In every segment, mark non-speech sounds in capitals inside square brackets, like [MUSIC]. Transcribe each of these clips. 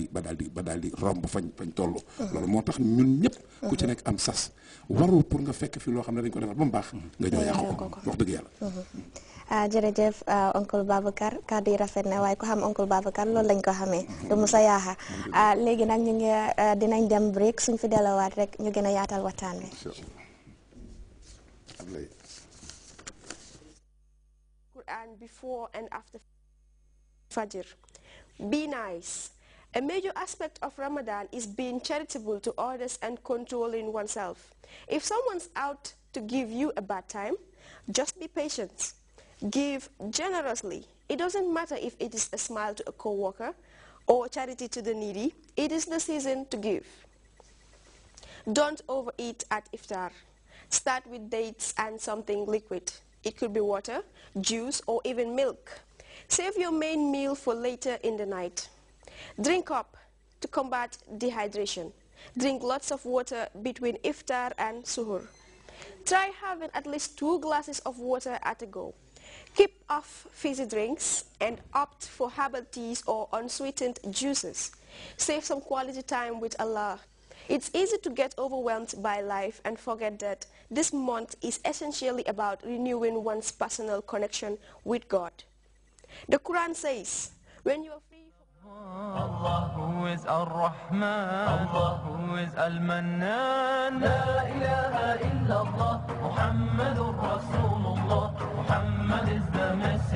di ba dal di ba dal di romb fañ fañ tollu lolu motax ñun ñep ku ci nek am sas waru pour nga fekk fi lo xamne dañ ko defal ba baax nga yaako wax deug yalla mhm. a ah, jere jërëjëf ah, oncle Babacar ka di rafet na way ko xam oncle Babacar loolu lañ ko xamee du musa a ah, léegi nak ñu ngi dinañ dem break suñ fi delawat rek ñu gëna yaatal waxtaan bi Quran before and after Fajr be nice A major aspect of Ramadan is being charitable to others and controlling oneself. If someone's out to give you a bad time, just be patient. Give generously. It doesn't matter if it is a smile to a co-worker or charity to the needy. It is the season to give. Don't overeat at iftar. Start with dates and something liquid. It could be water, juice, or even milk. Save your main meal for later in the night. Drink up to combat dehydration. Drink lots of water between iftar and suhoor. Try having at least two glasses of water at a go. Keep off fizzy drinks and opt for herbal teas or unsweetened juices. Save some quality time with Allah. It's easy to get overwhelmed by life and forget that this month is essentially about renewing one's personal connection with God. The Quran says, when you are الله هو الرحمن الله هو المنان لا إله إلا الله محمد رسول الله محمد is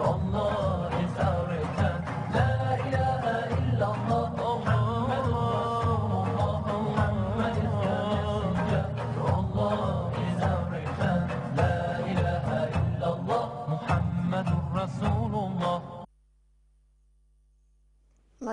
الله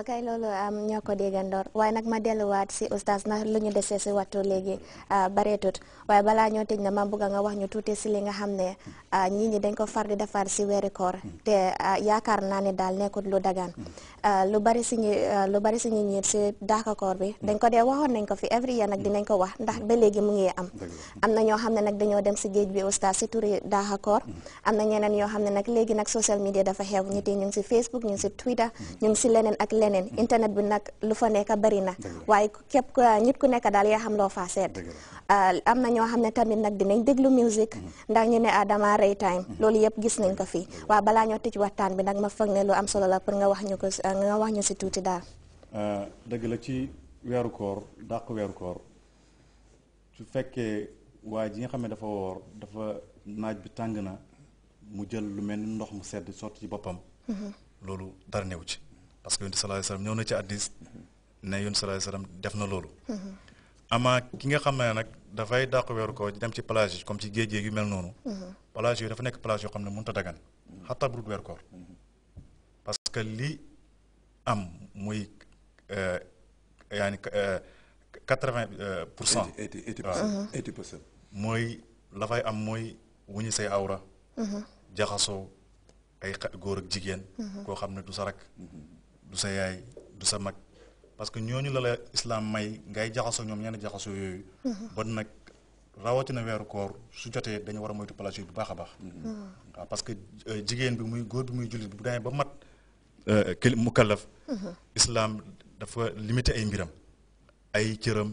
kay loolu ñoo ko déggandoor waaye nag ma delluwaat si oustaz na lu ñu desee si wattu léegi ah, bareetut waaye balaa ñoo tëj na ma bëgg nga wax ñu tuuti si li nga xam ne ah, ñii ñi dañ ko far di defar si weeri koor hmm. te ah, yaakaar naa ne daal nekkut lu dagaan hmm. lu bari si ñi lu bari si ñi ñiit si daaka koor bi dañ ko dee waxoon nañ ko fi every year nag hmm. dinañ ko wax ndax ba léegi mu ngi am am na ñoo xam ne nag dañoo dem si géej bi oustaz si turi daaka koor am na ñeneen yoo xam ne nag léegi nag social media dafa xew ñiti ñu ngi si facebook ñu si twitter ñu si leneen ak leneen leneen hmm. internet bi nak lu fa nekk bari na waye kep ko nit ku nekk dal ya xam lo fa set am na ñoo xam tamit nak dinañ deglu music hmm. ndax ñu ne Adama Ray Time hmm. loolu yëpp gis nañ ko fii waaw balaa ñoo tëj waxtan bi nak ma foog ne lu am solo la pour nga wax ñu ko nga wax ñu ci tuti tuuti euh ah, deug la ci wéru koor dakk wéru koor su fekke waaji nga xamne dafa wor dafa naaj bi tàng na mu jël lu melni ndox mu sedd sorti ci bopam mm-hmm. loolu dar neew ci parce que yonent salaay salaam ñëw na ci hadiis ne yonent salaay salaam def na loolu. Mhm. ama ki nga xam ne nag dafay dàq weeru koor dem ci plage yi comme ci géej géej yu mel noonu. Mhm. plage yooyu dafa nekk plage yoo xam ne mënut a dagan xataa bu dul weeru koor mhm. parce que li am muy euh, yaa ni euh, quatre-vingt euh, pour cent. eighty percent mooy la fay am mooy wuñu say awra. jaxasoo ay góor ak jigéen. koo xam ne du sarak du sa yaay du sa mag parce que ñooñu la la may ngay jaxasoo ñoom ñenn jaxasoo yooyu. Mm-hmm. bon nag rawatina weeru koor su jotee dañu war a moytu place yi bu baax a baax. Mm-hmm. Mm-hmm. waaw parce que euh, jigéen bi muy góor bi muy jullit bu demee ba mat euh, kil mu kallaf. dafa limité ay mbiram ay cëram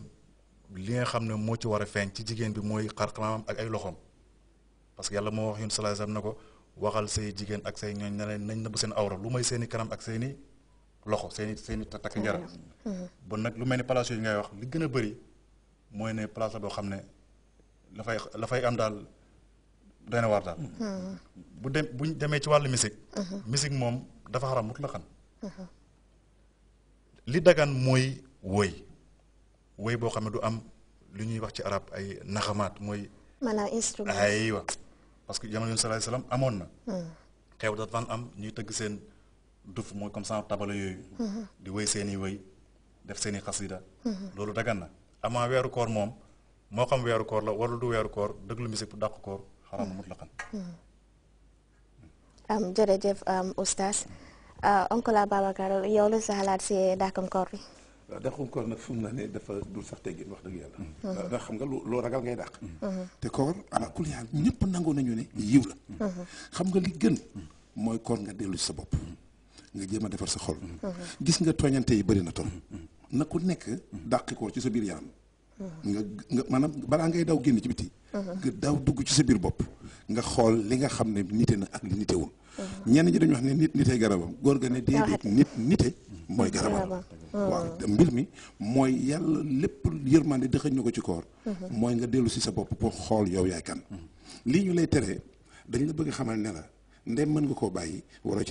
li nga xam ne moo ci war a feeñ ci jigéen bi mooy xarxalamam ak ay loxoom parce que yàlla moo wax yoon salaasam na ko waxal say jigéen ak say ñooñ ne leen nañ nëbb seen awra lu may seeni kanam ak seeni loxo seeni seeni takk njara mm-hmm. mm-hmm. bon nag lu mel ni place yooyu ngay wax li gën a bëri mooy ne place la boo xam ne lafay lafay am daal doy na waar daal mm-hmm. bu dem buñ demee ci wàll musique musique moom dafa xaram mut la xan dagan mooy woy woy boo xam ne du am lu ñuy wax ci arab ay naxamaat mooy maanaam aywa parce que jamono yonent salaay amoon na mm. xew dafa am ñuy tëgg seen duf mooy comme ça tabala yooyu di wéy seen i wéy def seen i xasida loolu dagan na amaa weeru koor moom moo xam weeru koor la wala du weeru koor déglu musique bu dàq koor xaraam na mutlaqan am jërëjëf oustaz ah, oncle la sa xalaat si dàqam koor bi waaw ah, dàqam koor nag fu mu na ne dafa dul sax teggin wax dëgg yàlla ah, ndax xam nga loo ragal ngay dàq te koor ala kul ñëpp nangoo nañu ne yiw la mm-hmm. xam nga li gën mooy koor nga dellu sa bopp nga jéem defar sa xol. Mm-hmm. gis nga tooñante yi bëri na tom na ku nekk dàqi ko ci sa biir yaram. Mm-hmm. nga nga maanaam balaa ngay daw génn ci biti mm-hmm. nga daw dugg ci sa biir bopp nga xool li nga xam ne nite na ak li nitewul ñenn ñi dañuy wax ne nit nitee garabam góor ga ne déedéet nit nite mooy garabam mbir mi mooy yàlla lépp yërmande dëxëñ ñu ko ci koor mooy nga dellu si sa bopp pour xool yow yaay kan lii ñu lay teree dañ la bëgg xamal ne la mën nga koo bàyyi waroo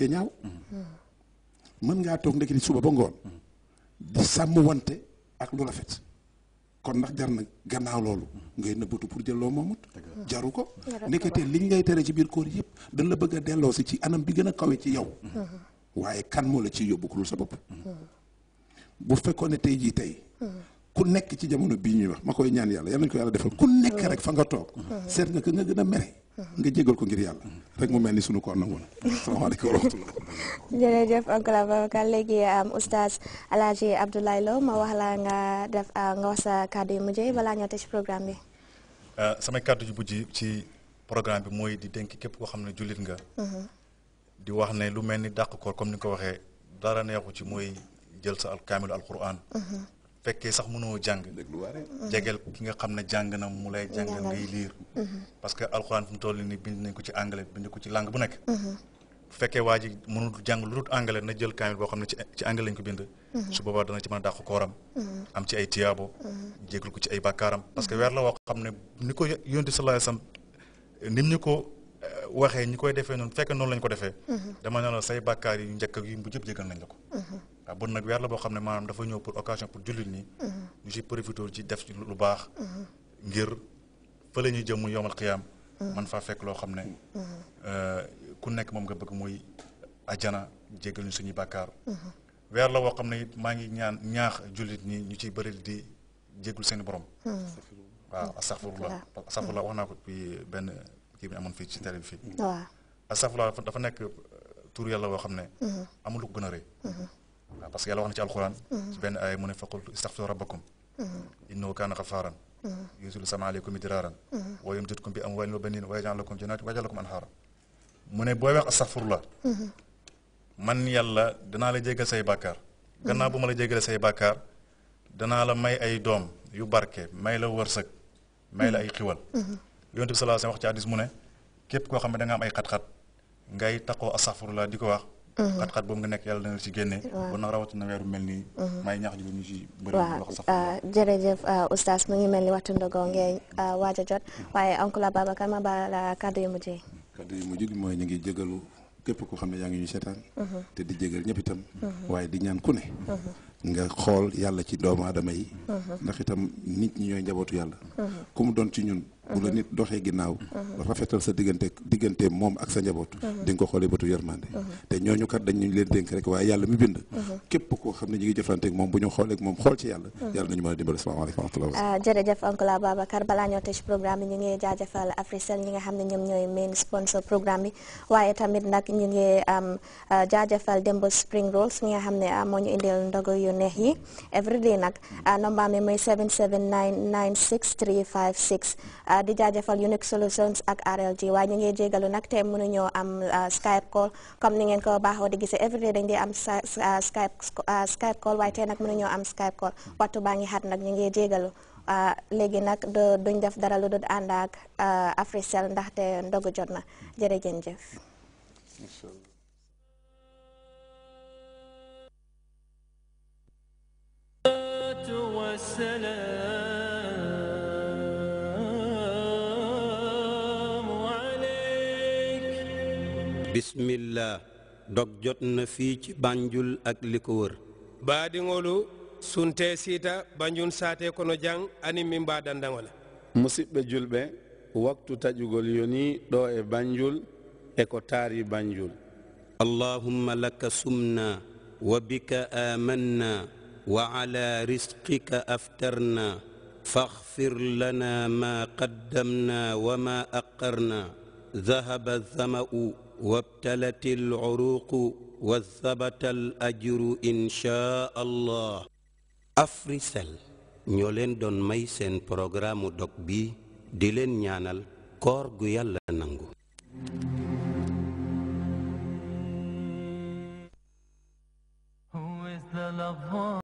mën ngaa toog ndekki suba ba ngoon di sàmm wante ak lu rafet kon ndax jar na gannaaw loolu ngay nëbbatu pour jëloo loo moomut jaru ko ndekete liñ ngay tere ci biir koor yëpp dañ la bëgg a delloo si ci anam bi gën a kawe ci yaw mm-hmm. waaye kan moo la ci yóbbu ku dul sa bopp bu fekkoon ne tey jii tey mm-hmm. ku nekk ci jamono bii ñuy wax ma koy ñaan yàlla yal nañ ko yàlla defal ku nekk rek fa nga toog nga ko nga mere nga jégal ko ngir yàlla rek mu sunu koor na woon [LAUGHS] wa rahmatullah jërëjëf oncle Ababacar léegi am um, oustaz Alhaji Abdoulaye Lo ma wax la nga def uh, nga wax sa yu uh, ci programme bi yu ci programme bi di dénk képp koo xam ne nga uh-huh. di wax ne lu mel ni dàq comme ni ko dara neexu ci jël sa al al quran uh-huh. fekkee sax mënoo jàng jegeel ki nga xam ne jàng na mu lay jàngal ngay liir mm-hmm. parce que alxuraan fi mu toll nii bind nañ ko ci anglais bind ko ci langue bu nekk bu mm-hmm. fekkee waa ji mënul jàng lu dul anglais na jël kaamil boo xam ne ci anglais lañ ko bind mm-hmm. su boobaa dana ci mën a dàq kooram am ci ay tiyaabo jégal ko ci ay bakkaaram parce que weer la woo xam ne ni ko yonti sallallahu alayhi wasallam nim ñu ko eh, waxee ñi koy defee noonu fekk noonu lañ ko defee dama ne la say bàkkaar yi njëkk yi bu jëpp jégal nañ la ko waaw bon nag weer la boo xam ne maanaam dafa ñëw pour occasion pour jullit ñi. Mhm. ñu ci profité ci def ci lu baax. Mhm. ngir fa la ñuy jëm muy yomal mhm. man faa fekk loo xam ne. Euh, ku nekk moom nga bëgg muy ajana jéggal ñu suñuy bàkkaar. weer la woo xam ne it maa ngi ñaan ñaax jullit ñi ñu ciy bari di jéggul seen borom. waaw astaghfirullah astaghfirullah wax naa ko bi benn kii bi amoon fii ci télé bi fii. waaw astaghfirullah dafa nekk euh, tur yàlla boo xam ne. amul lu ko gën a rëy. waaw parce que yàlla wax na ci alquran mhm. benn aaya mu ne faqul istaghfiru rabbakum mhm. innahu kaana ghafaaran mhm. yusilu sama aleykum idraaran wa yumdidkum bi amwaalin wa baniin wa yaj'al lakum janaatin wa mu ne booy wax astaghfirullah man yàlla danaa la jéggal say bàkkaar gannaaw bu ma la jéggalee say bàkkaar danaa la may ay doom yu barke may may la ay xiwal yonent bi sallallahu alayhi wasallam wax ci mu ne képp koo xam ne da am ay xat-xat ngay taqoo astaghfirullah di ko wax Mm-hmm. xat-xat boobu nga nekk yàlla dana ci génne ba nag rawatina weeru mel nii mm-hmm. may ñaax ji lu ñu ci bëri loxo sax ah, ah, mu ngi mel ni waxtu ndogo ngeen ah, waaj a jot mm-hmm. waaye oncle Babacar ma ba la kàddu yu mujj yi kàddu yu mujj mooy ñu ngi jégalu képp koo xam ne yaa ngi ñu seetaan te di jégal ñëpp itam waaye di ñaan ku ne nga xool yàlla ci doomu aadama yi ndax itam nit ñi ñooy njabootu yàlla ku mu doon ci ñun bu la nit doxee ginnaaw uh-huh. rafetal sa diggante diggante moom ak sa njaboot uh-huh. di nga ko xoolee bëtu yërmande uh-huh. te ñooñu kat dañ leen dénk rek waaye yàlla mi bind képp koo xam ne a ah, ñoo ñooy main sponsor programme waaye tamit nag ñu ngi um, ah, jaajëfal Dembo Spring Rolls ñi nga xam ne ah, moo ñu ndogu yu neex yi everyday nag nombaam mi mooy 779 96356 di jaajëfal Unique Solutions ak RLG waaye ñu ngi jégalu té mënu ñoo am uh, Skype call comme ni ngeen ko baaxoo di everyday dañ di am uh, Skype uh, Skype call té nak mënu ñoo am Skype call waxtu baangi hat nak nag ñu ngi jégalu nak nag duñ def dara lu dul andak ak ndax té ndogu jotna jéré jëf bismillah dog jot na fii ci banjul ak li ko wër baadiŋolu sunte siita banjun saate kono jang ani min mba dandaŋola musidɓe julɓe waktu taƴugol yoni ɗo e banjul e ko taari banjul allahumma laka sumna wa bika amanna wa ala risqika aftarna فاغفر لنا ما قدمنا وما أقرنا ذهب الظمأ وابتلت العروق وثبت الأجر إن شاء الله Africell ñoo leen doon may seen programme dog bi di leen ñaanal koor gu yàlla